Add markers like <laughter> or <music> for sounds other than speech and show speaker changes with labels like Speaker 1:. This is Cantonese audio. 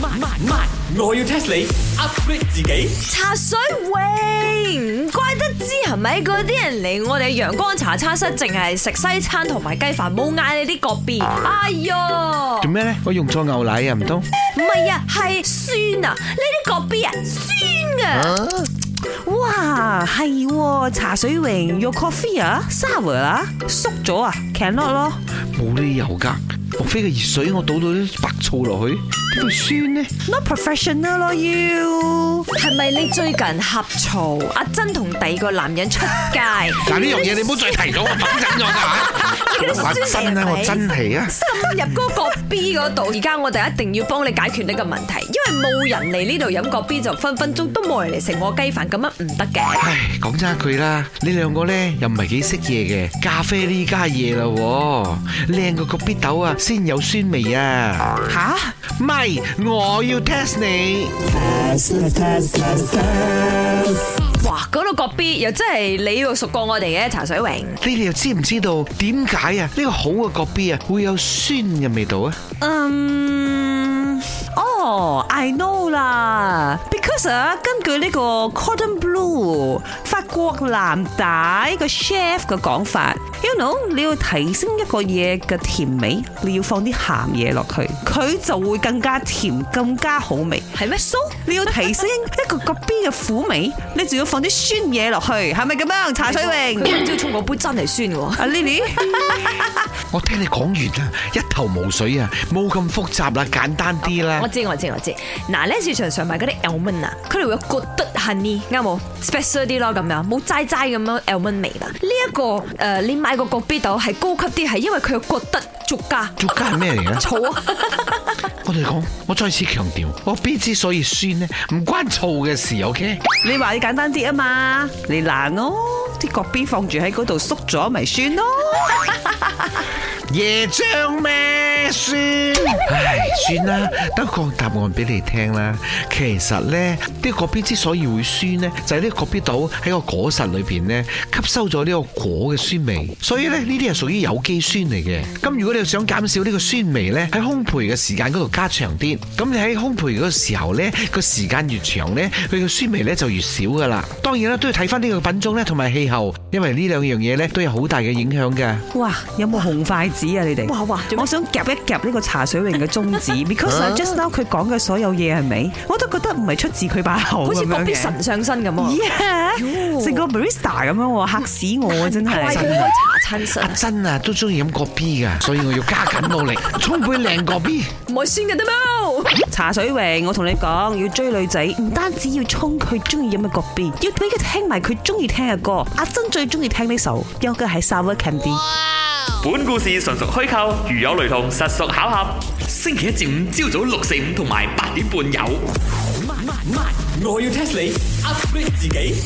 Speaker 1: My, my, my 我要 test 你 upgrade 自己。
Speaker 2: 茶水榮，唔怪得知，係咪嗰啲人嚟，我哋陽光茶餐室淨係食西餐同埋雞飯，冇嗌你啲角別。哎喲，
Speaker 3: 做咩咧？我用錯牛奶啊，唔通？
Speaker 2: 唔係啊，係酸啊！呢啲角別啊，蛤啊，酸啊！
Speaker 1: 哇，係茶水榮 your coffee 啊，sour 啦，縮咗啊，can not 咯，
Speaker 3: 冇理由噶。莫非嘅熱水我倒到啲白醋落去，
Speaker 2: 點會酸呢？Not professional 咯，you 係咪你最近呷醋？阿珍同第二個男人出街？嗱，呢樣嘢你唔好再提咗，我真係我真係啊！深入嗰個 B 嗰度，而家我就一定要幫你解決呢個問題。冇人嚟呢度飲果啤，就分分鐘都冇人嚟食我雞飯，咁樣唔得嘅。唉，
Speaker 3: 講真一句啦，你兩個咧又唔係幾識嘢嘅，咖啡呢家嘢啦，靚個果啤豆啊，先有酸味啊。吓，咪
Speaker 2: 我要 test 你。哇，嗰個果啤又真係你要熟過我哋嘅茶水榮。你哋又知唔知道點
Speaker 3: 解啊？呢個好嘅果啤啊，會有酸嘅味道
Speaker 2: 啊？嗯。
Speaker 1: 我、oh, I know 啦，because 根據呢個 Cordon Bleu 法國藍帶個 chef 嘅講法，you know 你要提升一個嘢嘅甜味，你要放啲咸嘢落去，佢就會更加甜，更加好味，係咩？So 你要提升一個嗰邊嘅苦味，你就要放啲酸嘢落去，係咪咁樣？茶水榮，我今朝沖嗰杯真係酸喎，阿 <noise> Lily。
Speaker 2: <noise>
Speaker 3: 我聽你講完啦，一頭霧水啊，冇咁複雜啦，簡單啲啦。
Speaker 2: 我知我知我知，嗱咧市場上賣嗰啲 lemon 啊，佢哋會覺得係啲啱冇 special 啲咯，咁樣冇齋齋咁樣 lemon 味啦。呢一個誒，你買個國標豆係高級啲，係因為佢有覺得足家，俗家，
Speaker 3: 足家係咩嚟嘅？醋啊！我哋講，我
Speaker 1: 再次強調，國標之所以酸咧，唔關醋嘅事，OK？
Speaker 2: 你話你簡單啲
Speaker 1: 啊嘛，你難咯。啲果皮放住喺嗰度縮咗咪酸咯，椰漿咩酸？唉， <laughs> 算啦，等
Speaker 3: 我個答案俾你聽啦。其實咧，啲果皮之所以會酸咧，就係啲果皮度喺個果實裏邊咧吸收咗呢個果嘅酸味，所以咧呢啲係屬於有機酸嚟嘅。咁如果你想減少呢個酸味咧，喺烘焙嘅時間嗰度加長啲。咁你喺烘焙嗰個時候咧，個時間越長咧，佢嘅酸味咧就越少噶啦。當然啦，都要睇翻呢個品種咧同埋氣。後，因為呢兩樣嘢咧都有好大嘅影響嘅。
Speaker 1: 哇，有冇紅筷子啊你哋？哇哇，我想夾一夾呢個茶水榮嘅宗旨 Because just now 佢講嘅所有嘢係咪？我都覺得唔係出自佢把口，好似國 B 神
Speaker 2: 上身咁。Yeah，
Speaker 1: 成個 Barista 咁樣，吓死我真係。茶餐阿珍啊，
Speaker 3: 都中意飲國 B 噶，所以我要加緊努力，
Speaker 1: 沖杯靚國 B。唔係先嘅得冇。茶水榮，我同你講，要追女仔，唔單止要沖佢中意飲嘅國 B，要俾佢聽埋佢中意聽嘅歌。阿珍最中意聽呢首，應該係 Sour Candy。
Speaker 2: 哇本故事純屬虛構，如有雷同，實屬巧合。星期一至五朝早六四五同埋八點半有。我要 test 你 upgrade 自己。